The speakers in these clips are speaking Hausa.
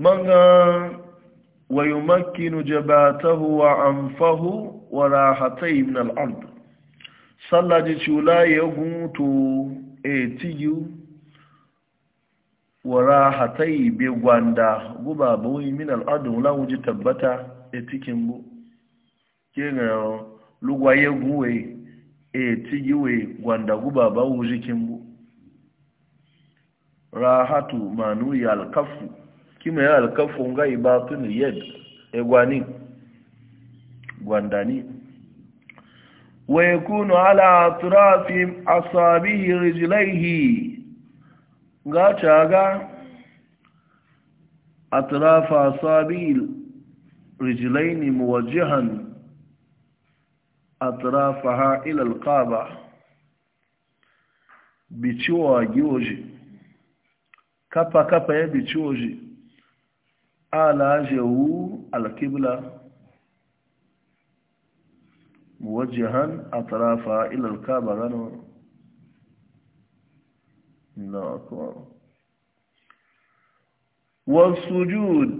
manga wa yumakkinu jabatahu wa anfahu wa rahatayhi min al sallaji chula yeguntu etiyu wa rahatayhi bi gwanda guba boyi min al-ard la wuji tabbata etikin bu kenga lugwa yeguwe etiyiwe gwanda guba rahatu manu ya kima ya alkafu nga ibatun yad egwani gwandani wa yakunu ala atrafi asabihi rijlaihi nga chaga atrafa asabihi rijlaini muwajjahan atrafaha ila alqaba bichuo ajoji kapa kapa ya bichuoji alajewu alkibla muwajjahan atrafa ila alkaba gano na akwai والسجود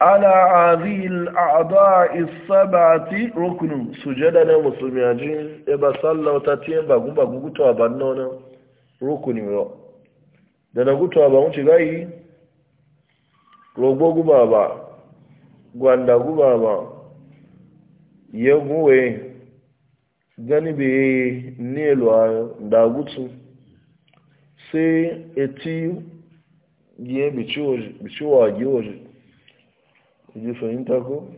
على هذه الأعضاء السبعة ركن سجدنا مسلمين إبا صلى وتتين بقوم بقوم قطوة بنونا ركن يرى دانا قطوة بقوم تغيي rogbo guba ba gwanda guba ba ya guwe gani ni nelo a dagutu sai eti yi bicewa giwaje ji fahimta ko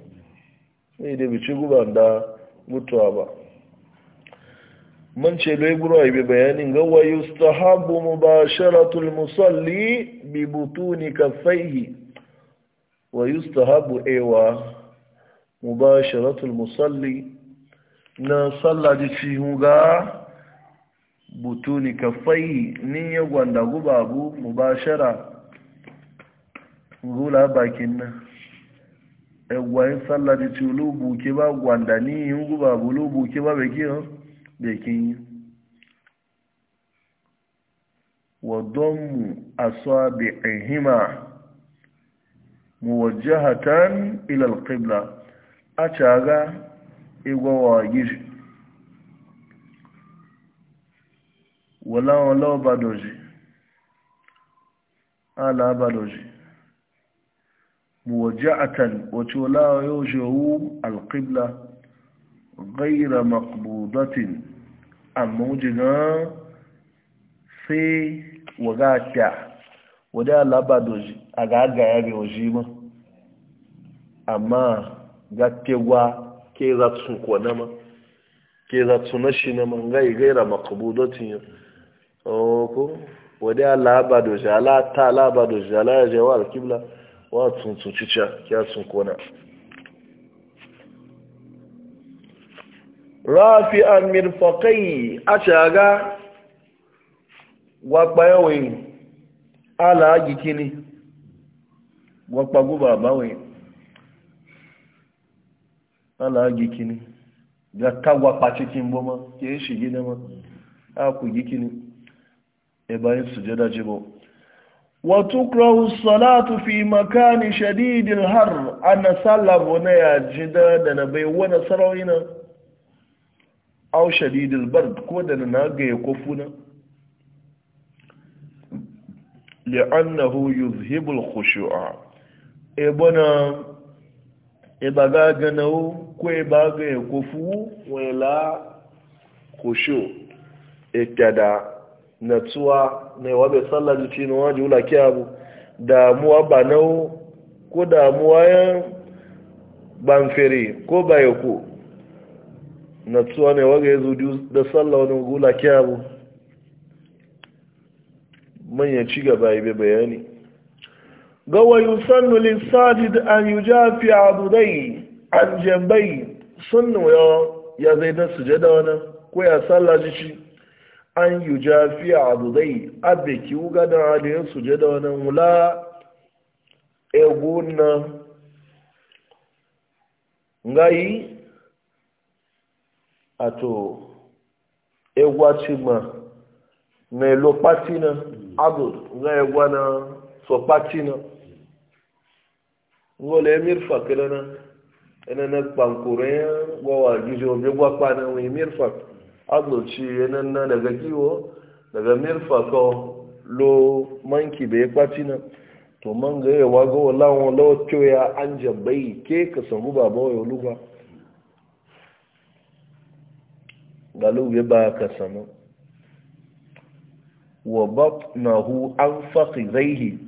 ne da bici guba da mutuwa ba man ce bai gura ibe bayanin ga wa yustahabu mubasharatul musalli bi butuni kaffaihi ويستهب ايوا مباشرة المصلي نا صلى دي فيه غا بطون كفي نية واندا غبابو مباشرة غولا باكنا ewayin sallah da ce lubu ke ba gwandani yin guba bu lubu ba bekin yi wa don mu a muwajjahatan ila alqibla a caga igwawa giri wala-wala badoji ala badoji muwajjahatan wace wala yau shehu alqibla gaira makbudatin amma wujina sai wagata wadda ala badoji a ga agaya bai waje ma amma ga tegwa ke za su kwana ma ke za su na shi na man gai gaira makabudotin yau ko wadda ya laba da jala ta laba da jala ya jawa alkibla wa tuntun cica ya sun kona rafi an mirfakai a shaga wa kpayawai ala gikini gwakwago ba bawai ala gikini ga kagwakwa cikin boma ke shi gina ma a ku gikini e bayan sujada jibo watukrahu salatu fi makani shadidil har ana sallabo na ya jida da na bai wani sarauyi na au shadidil bard ko da na gaya kofuna li'annahu yuzhibul kushu'a. ebona ebaga ganawo ko ebaga ekofu wela kosho etada natsuwa ne wabe sallar juci na waje wula kiyabu damuwa ba nau ko damuwa ya banfere ko ba ya ko ne waga ya da sallah wani wula kiyabu manyan ci gaba ibe bayani ga wa yusannu lissajid an yujafi abudai an jambai sunnu ya zai da sujada wani ko ya sallaji shi an yujafi abudai abe ki wuga da halayen sujada wani wula eguna ngayi ato egwachima na elo patina abud nga egwana so patina ngole mirfa kelana ene na pankure gwa wa gijo be gwa pana we mirfa aglo chi ene na daga kiwo daga mirfa ko lo manki be kwatina to man ga yawa ga wallahi lo choya an jabai ke ka samu baba wa luka galu be ba ka samu wa batnahu an zaihi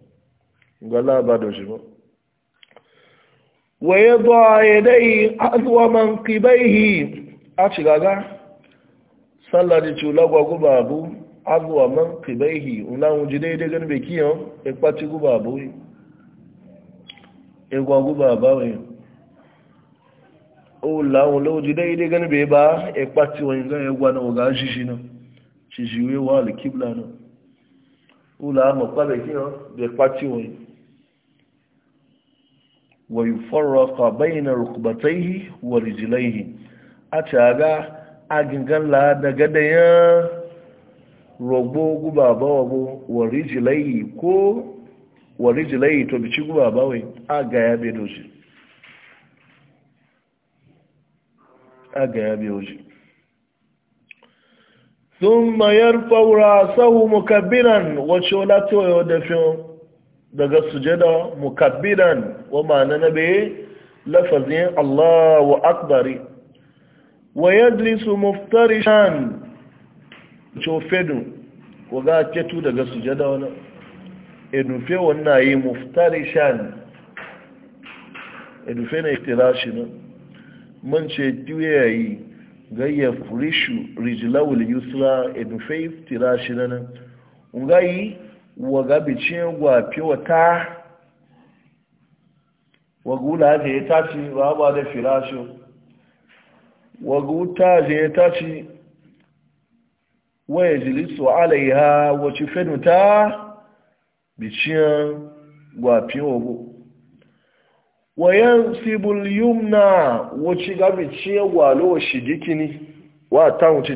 gwala ba da shi ba wa ya zuwa ya dai azuwa man kibaihi a cigaga sallari cula gwagu babu azuwa man kibaihi una wuji daidai gan bai kiyan ikpati e guba abu yi igwagu babu yi e o lawon lauji daidai gan bai ba ikpati e wani gan igwa na oga shishi na shishi wewa alikibla na ula ama kwabe kiyan bai kpati wani wa yufarraqa bayna rukbatayhi wa rijlayhi a caga a gingan la daga da ya rogbo guba bawa wa rijlayhi ko wa rijlayhi to bici guba bawai a ga ya be doji a ga ya be doji thumma yarfa'u ra'sahu mukabbiran wa shola da fi'o daga sujada mukabbidan wa ma'ana na bai lafazin Allah wa akbari wa muftari shan cofedu ko ga ketu daga sujada wani edufe wannan yi shan edufe na shi nan man ce tiwe ya yi gayya furishu rijilawul yusra edufe itira shi nan ungayi waga bicin gwafi wata wagula ta yi taci ba ba da firashi waguta ta yi taci waya jilisu alaiha wace fenuta bicin gwafi wago wayan sibul yumna wace ga bicin gwalo wa shigikini wa ta wuce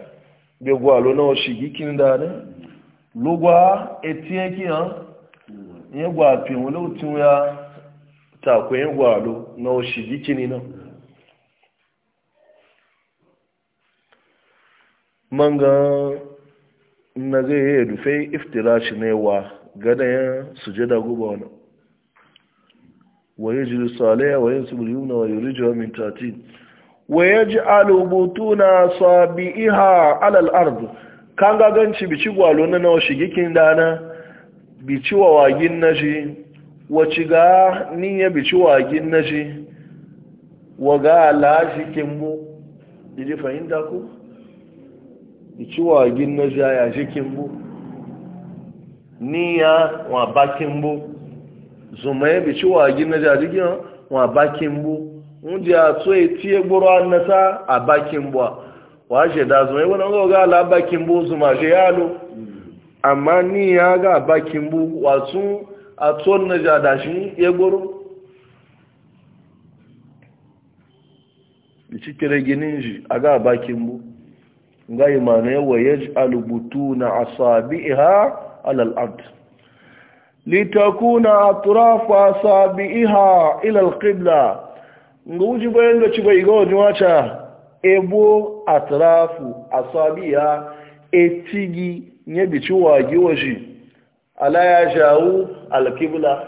bai gwalo na shigi kin da ne lugwa etinye kiyan ya gwafin wani otun ya takwayin gwalo na kini na manga na zai yi rufe iftirashi ne wa gada sujada guba wani waye jiri salaya wa yin subuliyuna wa rijuwa min 13 wee ya ji alubutu na sabi iha al'al'arzu kan gaganci bici gwalona na shigikin dana bi ci wawa gina shi waci ga niniya bi ci wawa gina shi wa ga ala'ashi kin bu dikwai ndako bi ci wawa gina shi a yashi kin bu niya wa bakin bu zuma ya bi ci wawa gina shi a jikin wani bakin bu ndị atụ etie gboro anata abaki mgba waje da zuma wani ga ga ala abaki mgbu zuma ga ya ama amma ni ya ga abaki mgbu wasu atụ na ja da shi ya gboro cikire ginin abaki mgbu ga ma na e ya ji alubutu na asabi ha alal'ad litakuna atrafa asabi ha ilalqibla nga uji bayan da ci bai ga wani wata ebo atrafu asabiya etigi nye bici wagi washi ala ya shawu alkibla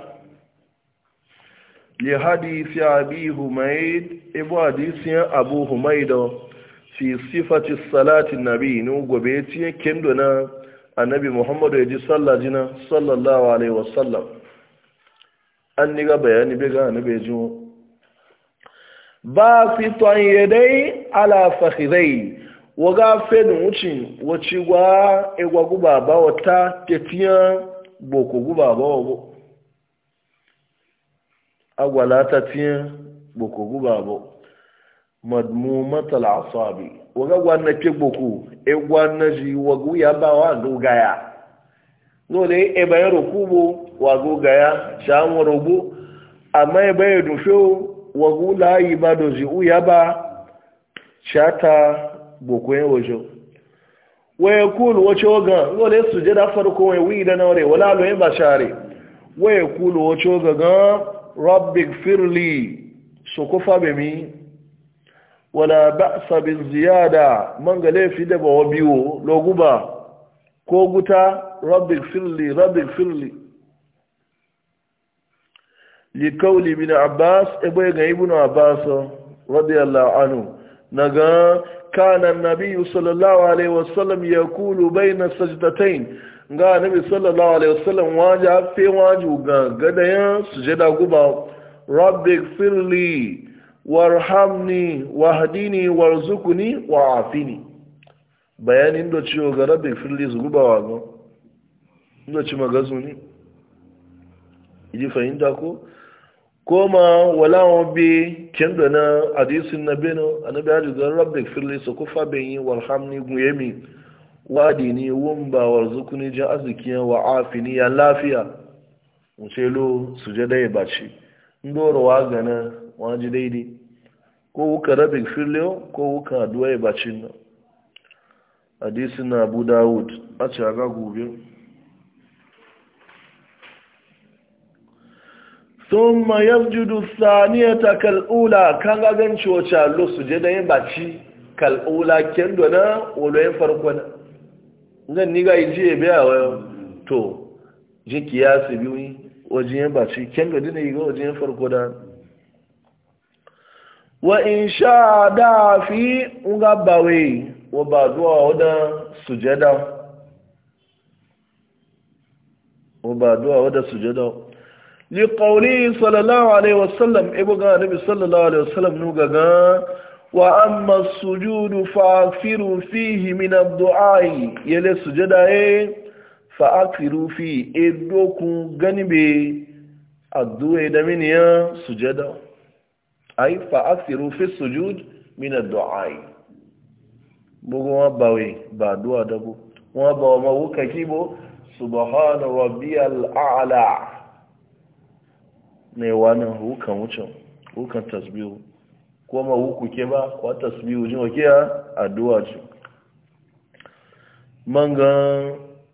li hadisi abi humaid ebo hadisi abu humaido fi sifati salati nabi ni gobe tiye kendo na annabi muhammadu ya ji jina sallallahu alaihi wasallam an ni ga bayani bai ga bai ji basitan yadai ala fakhidai waga fedin wucin wace gwa igwa guba ba wata tafiyan boko guba ba wabo agwala tafiyan boko guba ba madmumatal asabi waga na ke boko igwa na ji wagu ya ba wa dogaya dole e bayan rukubo wago gaya shamu rubu amma e bayan dufo wagula yi ba da zi'u ya ba shata bokoyin e wajo waya kulu wace wagan dole su je da farko wai wi da naure wala aloyin e ba share waya kulu wace ga rabbik firli so kofa be mi wala ba'sa bin ziyada man ga laifi da ba wa biyo loguba ko guta rabbik firli rabbik firli likaul-imina abbas ebonyi nga ibnu abbas radiyallahu anhu na nga na nabi salallahu alayhi wa sallam ya na sajidatayin nga nabi salallahu alayhi wa sallam nwaanyi hafe-n-waanyi ụka gaadaya sujeeda ngụba robek filadi warhamni wa hadini warzikuni wa afini. bayanini ndọ chiwo ga robek filadi sụguba wazọ ndọ chi magazini iji fahimta kụ. koma walawo bi kendo na hadisin na beno annabi ya jiga rabbi firli su kufa ben yi walhamni guyemi wadi ni wumba warzukuni jin arzikiya wa afini ya lafiya muselo su je dai baci ndoro wa gana waji daidai ko wuka rabbi firli ko wuka duwaye na hadisin na abu dawud a ci aga gobe sun ma yasjudu saniyata kal'ula kan gagan cewa lo su je da yin baci kal'ula kendo na oloyin farko na zan ni ga iji ebe a wayo to ji kiyasi wajen yin baci kendo dina wajen yin farko da wa sha da fi nga wa ba duwa wadda sujada wa wadda sujada li qawli sallallahu alaihi wasallam ibu ga nabi sallallahu alaihi wa sallam nu ga wa amma sujudu fa'firu fihi min ad-du'a'i yele sujada e fa'firu fi edokun ganibe addu'a da miniya sujada ai fa'firu fi sujud min ad-du'a'i bugo bawe ba du'a dabo wa ba ma wukaki bo subhana rabbiyal a'la na yawa nan hukan wucin hukan tasbihu ko ma huku ke ba kwa tasbihu jin wake ya addu'a ce man ga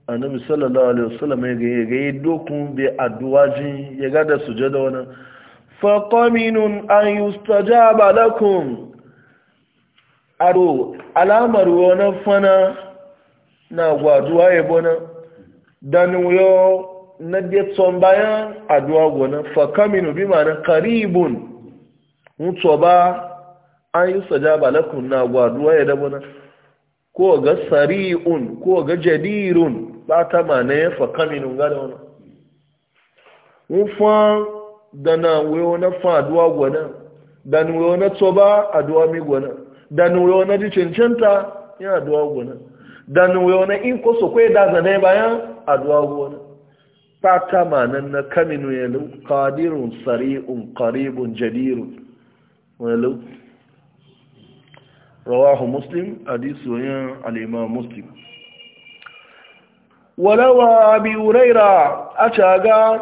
annabi sallallahu alaihi wasallam ya ga ya dokun bi addu'a jin ya ga da sujada wannan fa qaminun an yustajaba lakum aro alamar wannan fana na gwaduwa yabo nan dan yo na detson bayan aduwa gona fakaminu bi ma'ana karibun mutuwa ba an yi sajaba lakun na gwaduwa ya dabana ko ga sari'un ko ga jadirun ba ta na ya fakaminu gada wani nfa da na wewo na fa aduwa gona da na wewo na tsoba aduwa mi gona da na wewo na ji cancanta ya aduwa gona da na na in ko su da zane bayan aduwa gona sata nan na kaminu ya lu tsari'un ƙaribun qaribun jadirun walu rawahu muslim hadithu ya alima muslim walawa abi uraira ataga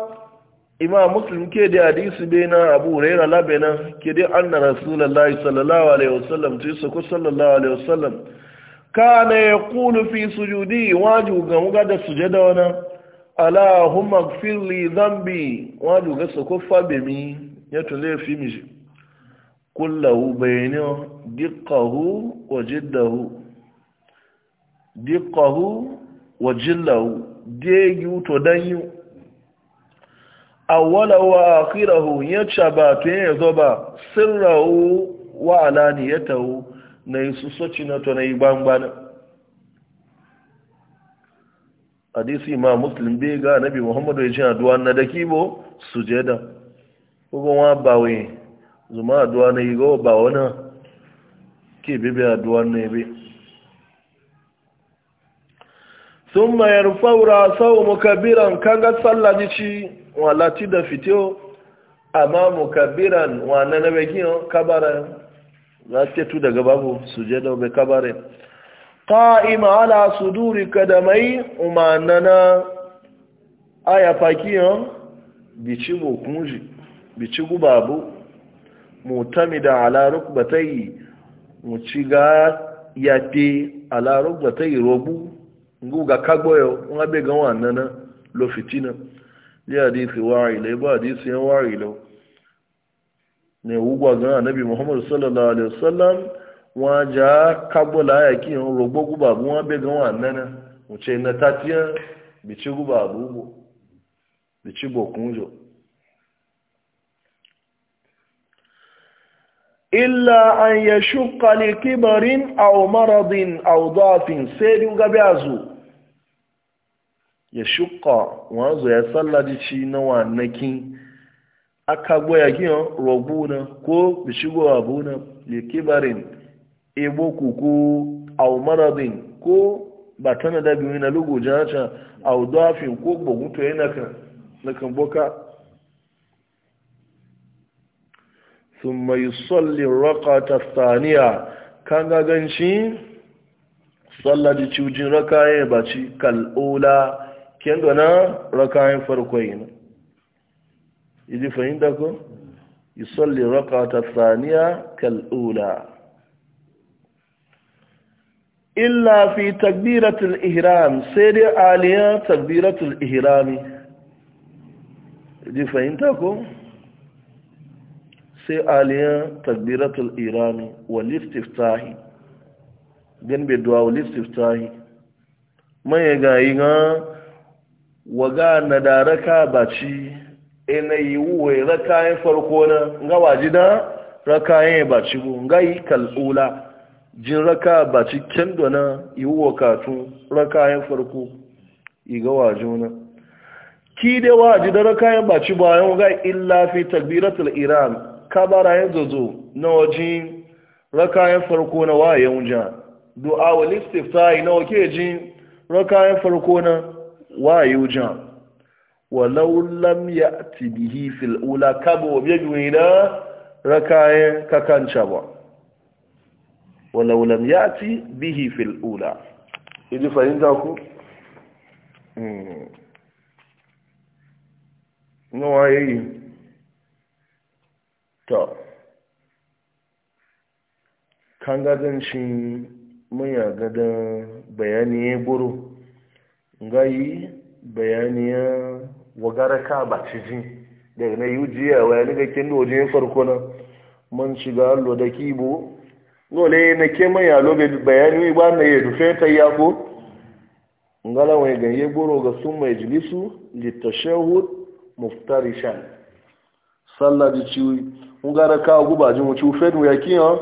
imam muslim ke da hadisi bena abu uraira labena ke da anna Rasulallah sallallahu alaihi wasallam tisa ku sallallahu alaihi wasallam kana kulu fi sujudi waju ga suje da wani aláhùnmá fílì zambi wọn á dùgbẹ́ sọ kó fábẹ̀mí yẹn tún lè fi mi kó làwù bẹ̀yìn ní díkàhù wọ̀jídàhù díkàhù wọ̀jídàhù déèyí tó dányú awwala wa akhirahu ya chaba to ya zoba sirrahu wa alaniyatahu na yusu sochi na to na ibangba hadisi ma muslim bai ga nabi muhammadu ya ce duwa na da kibo sujada kuma wa bawe zuma duwa na yigo ba wani ke bebe duwa na be sun mayar faura sau mukabiran kanga tsalla ji ci wa lati da fito amma mukabiran wa na na gina kabara za ce tu daga babu da bai kabara qa'ima ala suduri kadamai umanana aya pakiyo bichibu kunji bichigu babu mutamida ala rukbatai muchiga yati ala rukbatai robu nguga kagboyo ngabega wanana lo fitina li hadithi wa'ila ba hadithi wa'ila ne ugwa ga nabi muhammad sallallahu alaihi wasallam wọn já kágbó láyà kí wọn rògbó gúbà bú wọn bẹ́ẹ̀ gan wà nánà òṣè iná tátíyàn bìtí gúbà búbò bìtí bòkún jọ. illa an yă shuka li kibarin au maradin au dafin sai dun gabe a ya shuka wọn zo ya tsallaji ci na wannakin aka goya giyan rogbuna ko bishigowa buna li kibarin ebo kuku au maradin ko ba tana da biyu na lugu jaca au dafin ko gbogunto yana kan na kan boka thumma yusalli raqata athaniya kan ga ganci sallati ciujin rakaye ba ci kal'ula ken gona rakayen farko yana idi fahimta ko yusalli raqata kal kal'ula illa fi takbiratul ihram sai dai aliya takbiratul ihrami ji fahimta ko sai aliya takbiratul ihrami wal istiftahi gan bai duwa wal Man ya ga yi ga waga na da raka baci ina yi wuwe rakayen farko na ga waji da ba ci bu ga yi kalula jin raka ba cikin dona wa katun raka farko iga waje wani ki dai waji da raka yan baci bayan ga illa fi takbiratul iran ka bara yan zozo na waje raka yan farko na waye wujan du'a wal yi na wake jin raka farko na waye wujan walau lam ya'ti bihi fil kabo bi raka yan kakanca ba ولو لم yati bihi في ula idi fahimta ku hmm. no waye kan gadan shi mun ya gadan bayani ya buru ngayi bayani ya ka ba cijin daga na yujiya wayani ga kin dojin farko na mun shiga allo da kibo ngole na ke mai yalo bai bayani ba na ya rufe ta ya ko ngala wani ganye goro ga sun mai jilisu littashahud muftarishan sallah ji ciwi ngara kawo guba jin mu ci fe mu yaki ha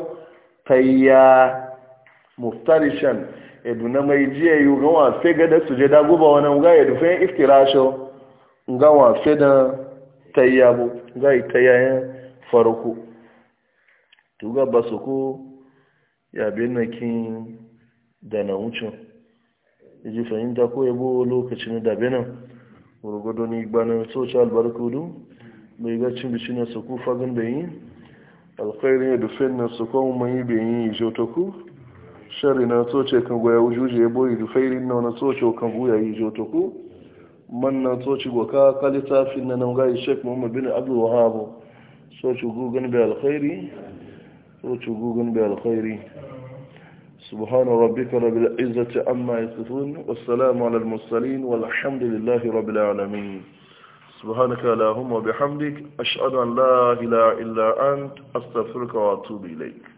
tayya muftarishan eduna mai jiya yi ga wa fe ga da je da guba wani ga ya rufe iftirasho ga wa fe da tayyabo ga tayyayen farko tuga ko. ya binne kin da na wucin yaji fahimta ko yabo lokacin da benin gurgudu ni gbanin soci albarkudu mai gacin bishi na su kufa gan yi alkhairin ya dufe na su kwan mai ta ku shari na soce kan goya wujuje ya boyi dufairin na wani soce kan goya yi ta ku man na ka kalita fi na nan gayi shek muhammad bin abdul wahabu soci gugan bai alkhairi roci gugun da alkhairi subhana rabbika rabbil izzati amma alal wassalamu ala al-mursalin walhamdulillahi rabbil alamin subhanaka allahumma bihamdik hamdik an la ilaha illa ant astaghfiruka wa atubu ilayk